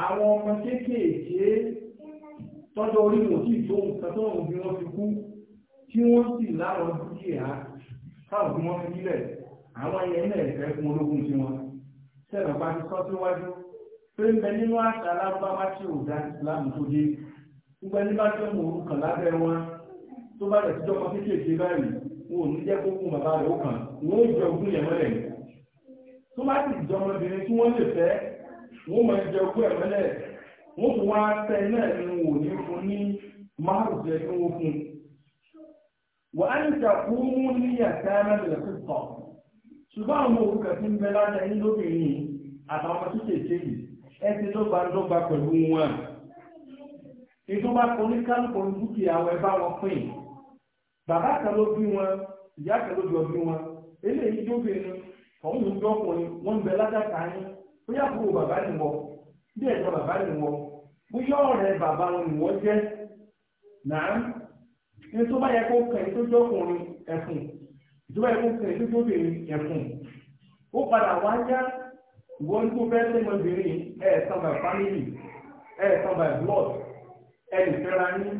àwọn ọmọ kéékèèké tọ́jọ́ orí wọn sì tó nǹkan tó wọn fi kú tí wọ́n sì láwọn dúkìá táwọn bí fi nílẹ̀ àwọn ẹyẹ náà ẹ̀fẹ́ fún ológun tí wọ́n sẹ́nà bá ti sọ síwájú pé ń bẹ nínú àṣà alábáwá tí ò dá ìsìlámù tó dé gbogbo ẹni bá jẹ́ mọ̀ orúkàn lábẹ́ wọn tó bá rẹ̀ síjọ́ kan kéékèèké báyìí wọn ò ní jẹ́ kó kún bàbá rẹ̀ ó kàn wọn ò jẹ ogún yẹn mọ́lẹ̀ tó bá sì jọ ọmọbìnrin tí wọ́n lè fẹ́ wọn ò máa jẹ ogún ẹ̀ mọ́lẹ̀ wọn kò wá tẹ náà ni wọn ò ní fún ní márùn jẹ kí wọn fún wà á ń ṣàkóhún ní yàtá mẹ́bẹ̀rẹ̀ fún tọ̀ ṣùgbọ́n àwọn òkúta tí ń bẹ lájà ní lóbìnrin àtàwọn ọmọ tó kéèké yìí ẹ ní kálukọ̀ dúkìá ẹ bá wọn pín bàbá kan ló bí wọn ìyá kan ló jọ bí wọn eléyìí tó bẹ ní ọ̀hún ń dọ́kùnrin wọ́n ń bẹ ládàkà yín bóyá kúrò bàbá ni wọ́n bí baba bàbá ni wọ́n bóyá ọ̀rẹ́ bàbá wọn ni wọ́n jẹ́ nàá ní tó kó kàn tó dọ́kùnrin ẹ̀fùn tó bá yẹ kó kàn tó ó padà wá yá tó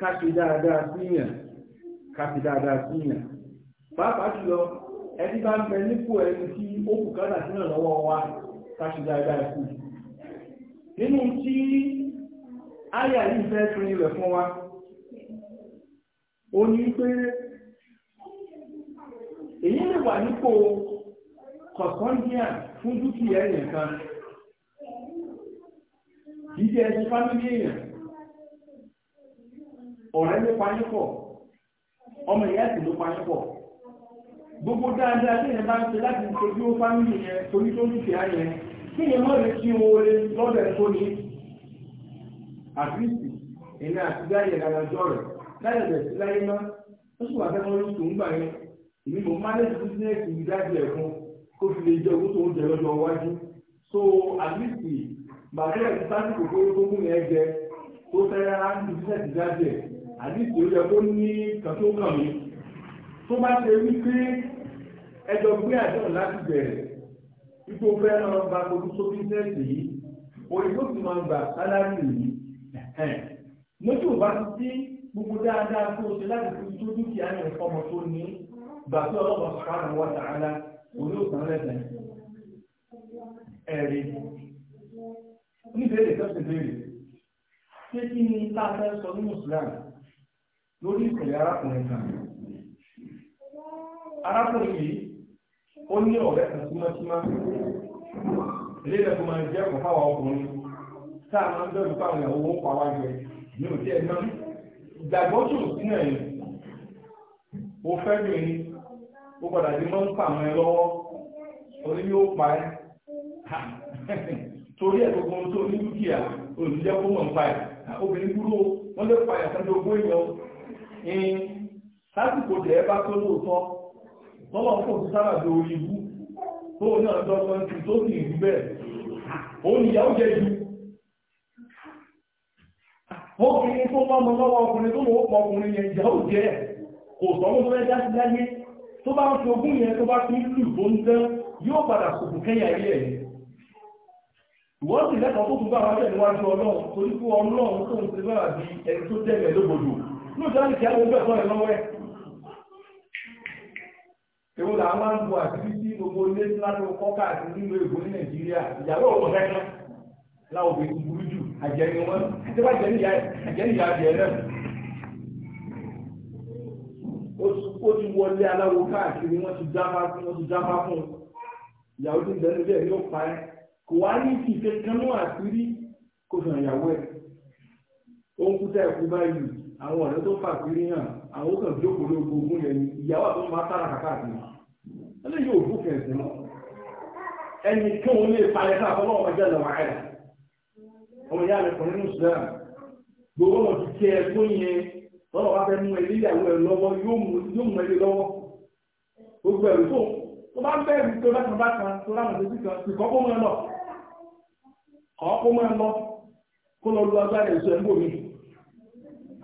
káṣe dáadáa síyàn káṣe dáadáa pàápàá jùlọ ẹni bá ń bẹ nípò ẹni tí ó kù kádà sínú wa káṣe dáadáa sí nínú tí áyà yìí fẹ́ tún ilẹ̀ fún wa ó ní pé èyí lè wà nípò kọ̀kọ́ndíà fún dúkìá kan jíjẹ ẹni fámílì ọ̀rẹ́ ló payín pọ̀ ọmọ ìyá ẹ̀sìn ló payín pọ̀ gbogbo dáadáa tí èèyàn bá ń ṣe láti ṣojú fámìlì yẹn torí tó ti ṣe yẹn kí èèyàn mọ̀ lè kí oore lọ́dọ̀ ẹ̀ tó ní àbíìsì ìní àti dáyẹ̀ adájọ́ rẹ̀ dáyẹ̀ rẹ̀ sí láyé mọ́ ó sì wà fẹ́mọ́ ló sùn gbà yẹn èmi mo máa lẹ́sìn bísíǹnẹ́sì yìí dájú ẹ̀ fún kó fi lè jẹ owó tó ń jẹ lọ́jọ́ iwájú so àbíìsì bàtẹ́rẹ̀ ti sásìkò kó ló tó mú yẹn jẹ tó fẹ́ rárá ní bísíǹnẹ́sì dájú ẹ̀ àdìsí ó yẹ kó ní kàtókàn mi tó bá ṣe wípé ẹjọ gbé àjọ láti bẹ̀rẹ̀ ipò fẹ́ràn bá gbogbo sófíńtẹ́ẹ̀sì yìí òyìnbó sì máa gbà sálárì yìí lójú bá ti gbogbo dáadáa tó ṣe láti fi tó dúkìá yẹn fọmọ tó ní gbà tí ọlọ́pàá sọ̀rọ̀ wọ́n tààlà òní òsàn lẹ́sẹ̀ ẹ̀rí oníbèrè kẹ́sì béèrè ṣé kí ni tá a fẹ́ sọ ní mùsùlùmí lórí ìpìlẹ̀ arákùnrin kan arákùnrin yìí o ní ọ̀rẹ́ kan tímọ́tímọ́ eléyìí tó máa jẹ́ ọ̀pọ̀ fáwọn ọkùnrin tá a máa ń bẹ̀rù fáwọn ìyàwó wọn pa wájú ẹ̀ ní òtí ẹ̀ náà ìgbàgbọ́ tó di pa pa torí gbogbo tó kó pa obìnrin dúró in lásìkò jẹ́ bá tó lóòótọ́ lọ́wọ́ kò sí sára jọ orí ibú tó náà dọ́gbọ́n ti tó sì rí bẹ́ẹ̀ ó ní ìyàwó jẹ́ ju ọkùnrin tó mọ́ mọ́ lọ́wọ́ ọkùnrin tó lọ́wọ́ ọkùnrin yẹn ìyàwó jẹ́ kò sọ́mọ́ tó mẹ́já sí láyé tó bá ń fi ogún yẹn tó bá fi ń lù tó ń tẹ́ yóò padà kòkò kẹ́yà ilé ẹ̀ ìwọ́n sì lẹ́kọ̀ọ́ tó tún bá wájẹ̀ níwájú ọlọ́run torí fún ọlọ́run tó ń ṣe bára bí ẹni tó jẹ́ ẹ̀lógbòdò lóòtọ́ láti kíá gbogbo ẹ̀kọ́ rẹ̀ lọ́wọ́ ẹ̀ èwo là máa ń bu àti tí gbogbo ilé láti kọ́kà àti nínú ègbò ní nàìjíríà ìyàwó ọ̀pọ̀ kẹ́kẹ́ láwọn obìnrin burú jù àjẹni wọn àti bá jẹni ìyá àjẹ náà ó ti wọlé aláwo káàkiri wọ́n ti jáfá fún wọ́n ti jáfá fún ìyàwó tó ń bẹ̀rẹ̀ bẹ́ẹ̀ ni ó pa ẹ́ kò wá ní ti kankan náà àti rí kó fi hàn ìyàwó ẹ̀ ó ń kú tẹ́ ẹ̀kú báyìí àwọn ọ̀rẹ́ tó fà sí ríyàn àwọn kan jókòó lóko ogún yẹn ìyàwó àti ọmọ atára kàkà àti ẹlẹ́ yóò bú fẹ̀sẹ̀ náà ẹni kí òun lè falẹ̀ sáà fọlọ́ ọmọ jẹ́ lọ́wọ́ àìrà ọmọ ìyá rẹ̀ kùnrin nù sílẹ̀ gbogbo ọmọ ti kí ẹ yẹn lọ́wọ́ bá fẹ́ mú ẹ níyàwó ẹ lọ́wọ́ yóò mú ẹ lọ́wọ́ gbogbo ẹ̀rù tó tó bá bẹ́ẹ̀rù tó bá kan bá kan tó láwọn ọ̀sẹ̀ sí kan sì kó mọ́ ẹ lọ kó lọ lu agbára ìṣó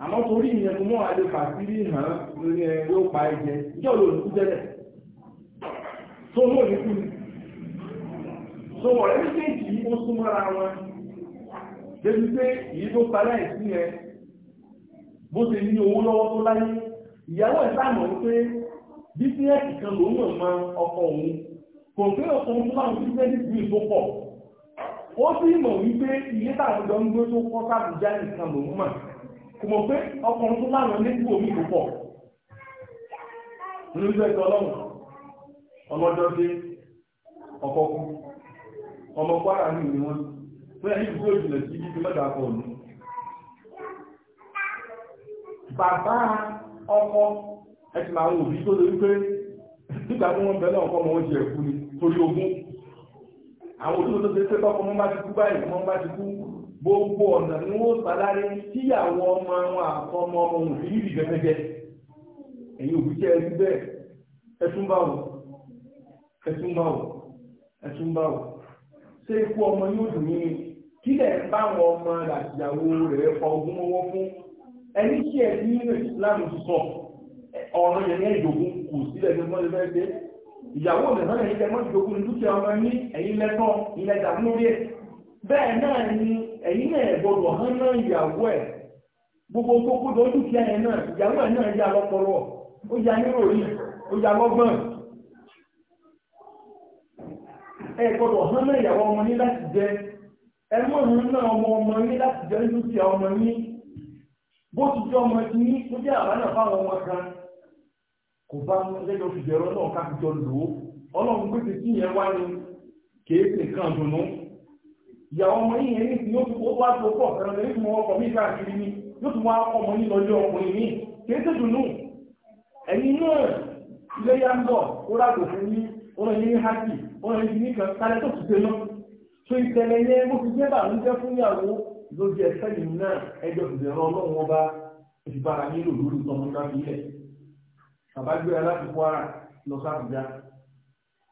àmọ́ torí ìyẹn mú àlè fàtírí hàn lórí ẹ yóò pa ẹjẹ ìjọ ló ní kú tó mọ̀ ní kú ni so ọ̀rẹ́ méjèèjì yìí ó súnmọ́ra wọn débi pé èyí tó pa láìsí yẹn bó ṣe ní owó lọ́wọ́ tó láyé ìyàwó ẹ̀ sáà mọ̀ pé bísíẹ̀sì kan ló mọ̀ mọ òun kò pé ọkùnrin tó láwọn bísíẹ̀sì bí tó pọ̀ ó sì mọ̀ wípé ilé táwọn jọ ń gbé tó kọ́ sábùjá nìkan ló mọ̀ mọ̀ pé ọkùnrin tó láwọn nígbò omi kò pọ̀ nínú ẹ̀tọ́ ọlọ́run ọmọdọ́dé ọkọ̀kú ọmọ kwara ní ìlú wọn tó yẹ ìdúró ìjìnlẹ̀ sí ibi mẹ́ta kọ̀ ọ̀nù bàbá ọkọ ẹ̀sìn àwọn òbí tó lórí pé nígbà tí wọ́n bẹ̀rẹ̀ ọkọ ọmọ wọn jẹ ẹ̀kú ni torí ogún àwọn òbí tó tó ṣe pé tọkọ mọ́ bá ti kú báyìí mọ́ bá ti kú gbogbo ọ̀nà ni wọ́n sàlárí tí àwọn ọmọ àwọn àkọmọ ọmọ òun fi níbi gẹ́gẹ́ ẹ̀yìn òbíṣẹ́ ẹni bẹ́ẹ̀ ẹtúnbáwò ẹtúnbáwò ẹtúnbáwò ṣé ikú ọmọ yóò dùn yín kí lẹ̀ ń bá àwọn ọmọ àtìyàwó rẹ̀ pa ogún owó fún ẹni tí ẹ ní Islam ti sọ ọ̀rọ̀ yẹn ní ẹ̀jọ̀gún kò sílẹ̀ ní ọmọdé fẹ́ gbé ìyàwó mẹ́sàn-án yẹn jẹ́ mọ́ ìjọgún ní dúkìá ọmọ ní ẹ̀yìn lẹ́tọ̀ ilẹ̀ dàmúlẹ̀ bẹ́ẹ̀ náà ni ẹ̀yin náà gbọdọ̀ hán náà ìyàwó ẹ̀ gbogbo tó kó lójú kí ẹ̀ náà ìyàwó ẹ̀ náà yà lọ́pọlọ ó yà níròrí ó yà lọ́gbọ̀n ẹ̀ náà ìyàwó ọmọ ní láti jẹ ẹ mọ̀ náà ọmọ ọmọ ní ní bó ìyàwó ọmọ yìí yẹn ní yóò tún ó wá tó pọ̀ ẹ̀rọ lẹ́yìn mọ́ ọkọ̀ mi káàkiri ni yóò wá ọmọ yìí lọ lé ọkùnrin mi kìí tó dùnú ẹ̀yin náà ilé yá ń bọ̀ ó rágò fún yín ó rẹ̀ ní hákì ó ní kálẹ̀ tó tó ìtẹ̀lẹ̀ yẹn mo fi jẹ́ fún ọba ìfipára nílò lórí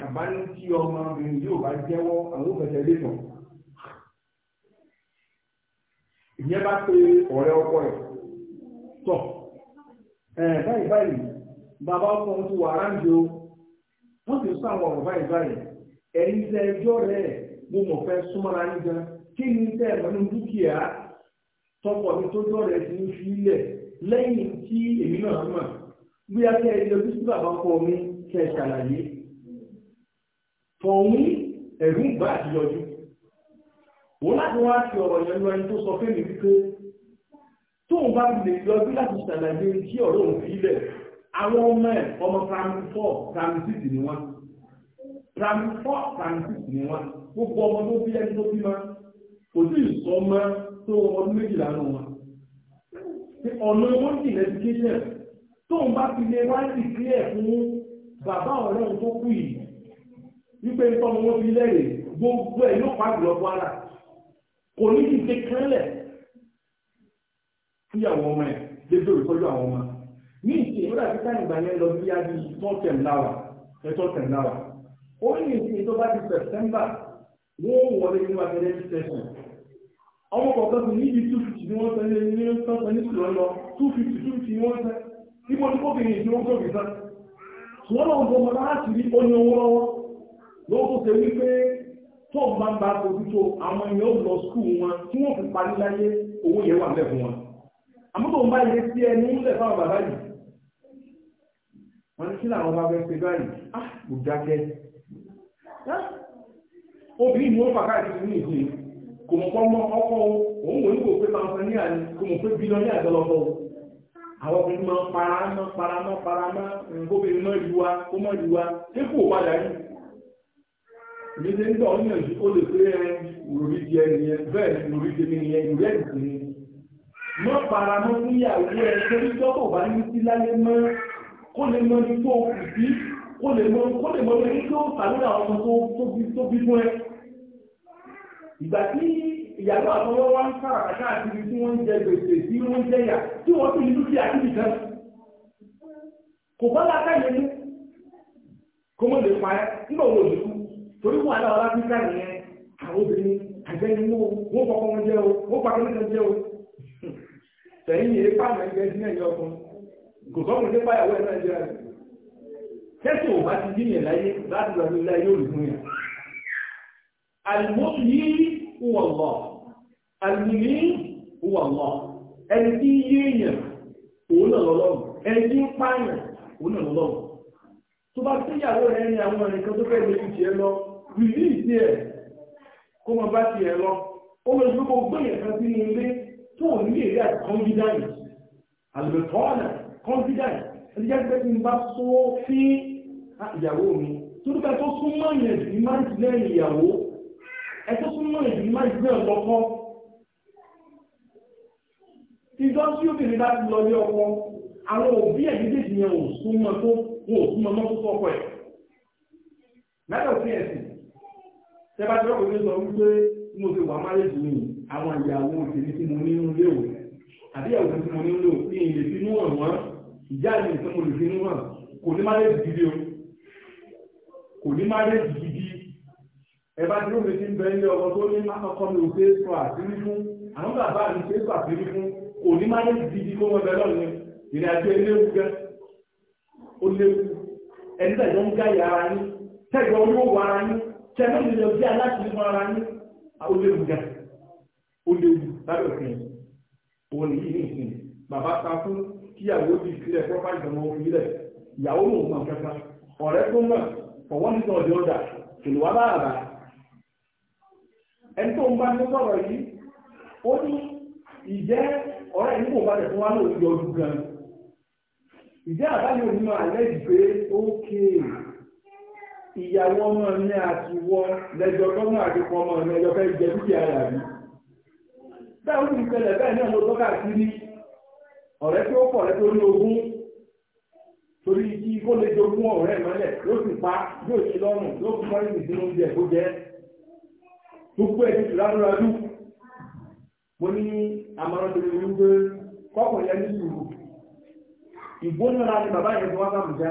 bàbá ní tí ọmọbìnrin yóò bá jẹ́wọ́ àwọn òfẹsẹ̀ lè tàn. ìyẹn bá pe ọ̀rẹ́ ọkọ rẹ̀ tọ̀ báyìí báyìí bàbá ọkọ wọn ti wà ráńjì o wọ́n ti sọ àwọn ọ̀rọ̀ báyìí báyìí ẹ̀yin tẹ ẹjọ́ rẹ̀ mo mọ̀ fẹ́ súnmọ́ra ní gan kí ni tẹ́ ẹ̀mọ́ ní dúkìá tọkọ mi tó jọ rẹ̀ ti ń fi ilẹ̀ lẹ́yìn tí èmi náà mọ̀ bí a kẹ́ ẹ lọ tọ̀hún ẹ̀rú ìgbà àdíyọjú wọ́n láti wá fi ọ̀rọ̀ yẹn lọ ẹni tó sọ fẹ́ mi wípé tóun bá lè yọjú láti ṣàlàyé kí ọ̀rọ̀ òun fi ilẹ̀ àwọn ọmọ ẹ̀ ọmọ primary four primary six ni wọ́n primary four primary six ni wọ́n gbogbo ọmọ tó bí ẹni tó bí ma kò sí ìsọmọ tó ọmọdún méjìlá nù wọn ọ̀nà wọn sì lẹ́sìkéṣẹ̀ tóun bá wípé ìtọ́mọ wọn fi lẹ́yìn gbogbo ẹ̀ yóò pàdé ọgbọ́n ara kò ní kí n ṣe kánlẹ̀ fúyàwó ọmọ ẹ̀ dédé òrìkọ́jú àwọn ọmọ ní ìsìn ìwé àti táyì ìgbà yẹn lọ bí adi tọ́tẹ̀m láwà ẹ̀tọ́tẹ̀m láwà ó ní ìsìn tó bá di sẹ̀tẹ́mbà wọ́n wọlé nínú akadẹ́mí sẹ́sìn ọmọ kọ̀ọ̀kan tó níbi two fifty ni wọ́n sẹ́ni ní sọ́sẹ́ ní sùlọ́ lọ two fifty two fifty ni wọ́n sẹ́ ibo tí kò bìnrin ìdí wọ́n ní owó ló tó ṣe wípé tó ń bá ń bá ojú tó àwọn èèyàn ò lọ skul wọn tí wọ́n fi parí láyé owó yẹn wà lẹ́fún wọn àmọ́ tó ń bá ilé sí ẹni ń lẹ̀ fáwọn bàbá yìí wọ́n ní kí làwọn bá fẹ́ ṣe báyìí á ah, kò dákẹ́ ah, obìnrin ni ó fà káàkiri ní ìsìn kò mọ̀ pọ́nmọ́ ọkọ̀ òun wò ní kò pé máa fẹ́ ní àní kò mọ̀ pé bílọ́ ní àjọlọ́pọ̀ àwọn ọkùnrin máa ń para mọ́ para mọ́ para mọ́ nǹkóbìnrin mọ́ ìlú wa ó mọ́ ìlú padà yìí mi ní gbọ́ ọ́ yànjú ó lè pé ẹ ìròrí di ẹni yẹn bẹ́ẹ̀ ni ìròrí di mi yẹn ìrẹ́ ìsìn ni. mọ́ paramọ́ níyàwó ẹ torí tọ́kọ̀ bá ní sí láyé mọ́ kó lè mọ ní tó kù sí kó lè mọ kó lè mọ ní tó tàbí àwọn ọmọ tó bí fún ẹ. ìgbà tí ìyàwó àtọwọ́ wá ń sára káàkiri tí wọ́n ń jẹ gbèsè tí wọ́n ń jẹyà tí wọ́n tún ní dúkìá kò bá lákàyè mú kó mọ̀ lè pa ẹ́ nígbà wo lè kú torí wọn àlọ́ ọlá fíkà nìyẹn àwọn obìnrin àjẹnimú wọn kọ́kọ́ wọn jẹ́ o wọn pàtó nìkan jẹ́ o sẹ́yìn yìí pàmò ẹgbẹ́ sí ẹ̀yọ́ kan kò sọ́kùn sí báyàwó ẹ̀ náà jẹ́ rẹ̀ tẹ́sí ò bá ti dín yẹn láyé láti lọ sí láyé olùkún yẹn àlùmọ́tò yìí wọ̀ lọ àlùmí wọ̀ lọ ẹni tí yé yẹn òun náà lọ́lọ́run ẹni tí ń pààyàn òun náà lọ́lọ́run tó bá sí ìyàwó rẹ̀ ní àwọn ẹnìkan tó fẹ́ lójú tiẹ̀ lọ rìlíìsì ẹ̀ kó máa bá tiẹ̀ lọ ó lọ sí gbogbo gbẹ̀yẹ̀ kan sínú ilé tó ò ní èrè àti confidence àlùbẹ̀tọ́ ọ̀nà confidence ẹni jẹ́ pé kí n bá sọ sí ìyàwó mi tó dúpẹ́ tó súnmọ́ ìyẹn ní máa ń lẹ́yìn ìyàwó ẹ tó súnmọ́ ìyẹn ní máa ń lẹ́yìn lọ́kọ́ ìjọ tí obìnrin bá ti lọ lé ọkọ àwọn òbí ẹ̀ méjèèjì yẹn ò súnmọ́ tó wọn ò súnmọ́ mọ́ tó sọ́kọ̀ ẹ̀ mẹ́tọ̀ sí ẹ̀sìn tẹ́bá tí wọ́n fi sọ wípé mo ti wà márèjì mi àwọn ìyàwó òṣèlú tí mo ní ń lé o àbí ìyàwó tí mo ní ń lò ní ìlè sínú hàn wọ́n ìjà ìlè tí mo lè sínú hàn kò ní márèjì gidi o kò ní márèjì gidi ẹ̀bá tí wọ́n fi ti ń bẹ ilé ọkọ tó ní ọkọ mi ò fẹ́ sọ àṣírí fún àwọn bàbá mi fẹ́ sọ àṣírí fún kò ní márèjì gidi kó wọn bẹ lọ́nà ìrìn àjò tẹ̀lé mi lọ bí aláṣẹ fún ara ní olóògùn gà olóògùn lábẹ́ òfin òun nìyí ní ìsìn bàbá ta fún kíyàwó ti sílẹ̀ pọ́pá ìgbàmọ̀ òfin lẹ̀ ìyàwó mò ń mọ̀ kẹta ọ̀rẹ́ tó mọ̀ ọ̀wọ́n ní sọ̀rọ̀ ọ̀dà kìlọ̀ wá bàbà ẹni tó ń bá ní sọ̀rọ̀ yìí ó ní ìjẹ́ ọ̀rẹ́ yìí kò bá tẹ̀ fún wa lóòjọ́ ọdún gan ìjẹ́ àbáyọ̀ ní máa lẹ́yìn pé ó ìyàwó ọmọ mi àti wọ lẹ́jọ́ tọ́mọ àti pọmọ mi ẹjọ́ fẹ́ jẹ dúkìá rà bí. bẹ́ẹ̀ ó sì ṣẹlẹ̀ bẹ́ẹ̀ ní ọmọ tọ́ka sí ní ọ̀rẹ́ tí ó pọ̀ rẹ́ tó ní ogún torí kí kó lè jogún ọ̀rẹ́ mọ́lẹ̀ yóò sì pa yóò sì lọ́rùn yóò fi mọ́ ìrìn sínú oúnjẹ tó jẹ́ gbogbo ẹ̀ ti tù ládúrádú mo ní àmọ́ràn tó lè wí pé kọ́kùnrin ẹni sùúrù ìgbónára ni bàbá yẹn ti wá bàbùjá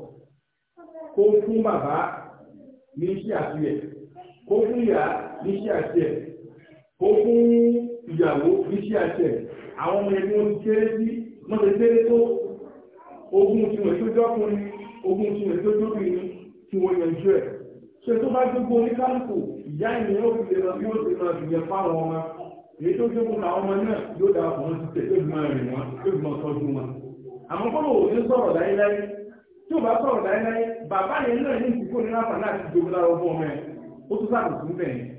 kó fún bàbá ní iṣẹ́ àti ẹ̀ kó fún ìyá ní iṣẹ́ àti ẹ̀ kó fún ìyàwó ní iṣẹ́ àti ẹ̀ àwọn ọmọ ẹgbẹ́ wọn sí wọ́n ti tó ogún tí wọ́n tó jọ́kùnrin ogún tí wọ́n tó jókùnrin tí wọ́n yanjú ẹ̀ ṣe tó bá gbogbo oníkálùkù ìyá ìyẹn ó fi lè lọ bí ó ti máa fìyẹn fáwọn ọmọ èyí tó jókòó ta ọmọ náà yóò dáa fún wọn ti tẹ̀ tó fi máa rìn wọn tó fi máa tọ́jú wọn àmọ́ kọ́lọ̀ òní sọ̀rọ̀ láíláí tí o bá sọ̀rọ̀ láéláé bàbá yẹn náà ní ìdíkò ní láǹfà náà ti jogún lára ọgbọ́n ọmọ ẹ̀ ó tún sáà tuntun bẹ̀ yẹn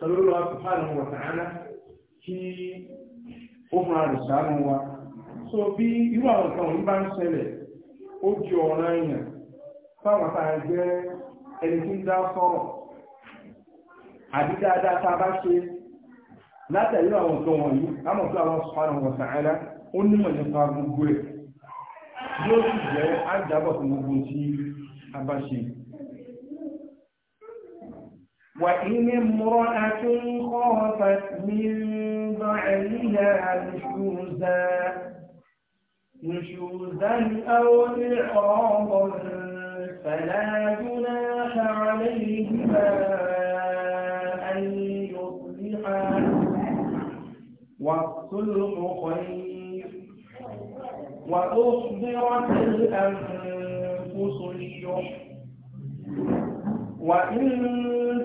sọlọ́lọ́ subhanahu wa ta'ala kí ó fúnra rẹ̀ sàánú wa sọ bí irú àwọn nǹkan òní bá ń ṣẹlẹ̀ ó di ọ̀ràn èèyàn fáwọn táà jẹ́ ẹni tí ń dá sọ̀rọ̀ àbí dáadáa tá a bá ṣe látàrí àwọn nǹkan wọ̀nyí á mọ̀ pé àwọn subhanahu wa ta'ala ó nímọ̀ nípa gbogbo ẹ̀ yóò sì jẹ́ àjábọ̀ fún gbogbo tí a bá ṣe wà ní mọ́ àtúnkọ́ ọ̀fẹ́ ní bá ẹ̀líyà àdìsúnzá نشوزا أو إعراضا فلا جناح عليهما أن يصلحا والصلح خير وأصبرت الأنفس اليوم وإن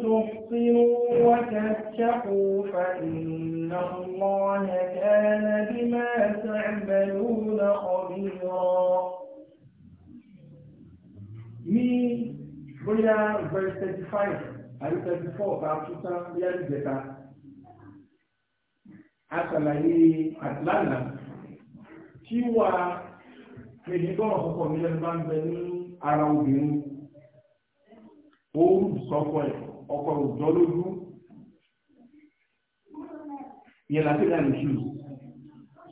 تحصنوا وتتحوا فإن الله كان بما تعملون خبيرا Me, Buddha, verse kí wà pèlú bọ́ọ̀ ọkọ̀ mi lẹ́nu bá ń bẹ ní ara obìnrin oòrùn sọ́kọ̀ ẹ̀ ọkọ̀ òjọ́ lójú yẹn láti dá nìṣú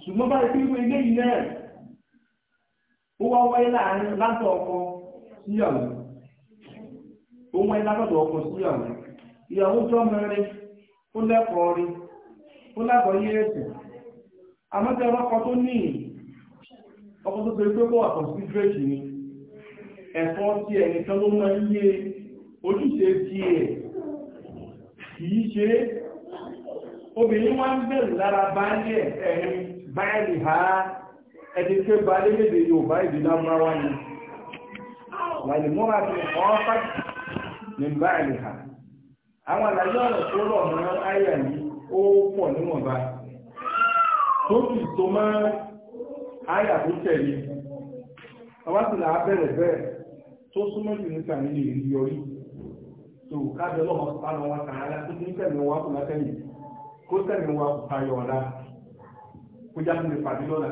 ṣùgbọ́n bá ti wọ ilé yìí náà ó wá wáyé láàrin látọ̀ ọkọ síyàwó ó wáyé látọ̀ ọkọ síyàwó ìyàwó jọ ọkọ̀ tó pé pé wà considerate ni ẹ̀fọ́ tí ẹnìkan ló máa ń yé ojúṣe tí ẹ̀ kìí ṣe obìnrin wá ń bẹ̀rù lára báyẹ̀ ẹ̀rin báyẹ̀lì ha ẹni pé bá léèdè Yorùbá ìdí lámúráwá ni wàlè múra ti ọ́fà ní báyẹ̀lì ha àwọn àlàyé ọ̀rọ̀ tó rọ̀ mọ́ àyà yìí ó pọ̀ níwọ̀nba tó sì tó máa àyà tó tẹ̀lé ọwásìlà abẹ́rẹ̀ bẹ́ẹ̀ tó súnmọ́ jù nílé yọrí tó kájọ lọ́wọ́ sọ́pánà wa tààrà tó ní tẹ̀lé wa kò látẹ̀yìn kó tẹ̀lé wa tayọ̀ ọ̀la kó já sí lè pàdé lọ́la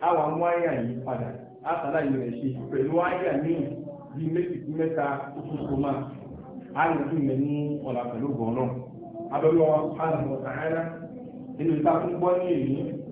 sábà mú àyà yìí padà àtàlà ṣe pẹ̀lú àyà bí méjì sí mẹ́ta máa àyà tó ní pẹ̀lú gbọ̀n náà abẹ́rẹ́ tààrà nínú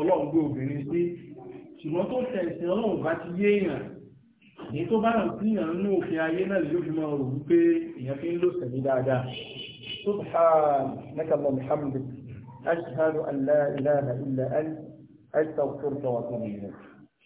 ọlọ́run gbé obìnrin sí ṣùgbọ́n tó tẹ̀sí ọlọ́run bá ti yé èèyàn ní tó bá ràn síyàn nínú òfin ayé náà yóò fi máa rò wípé èèyàn fi ń lò sẹ̀mí dáadáa subhanaka alhamdulillah ashhadu an la ilaha illa anta astaghfiruka wa atubu ilayk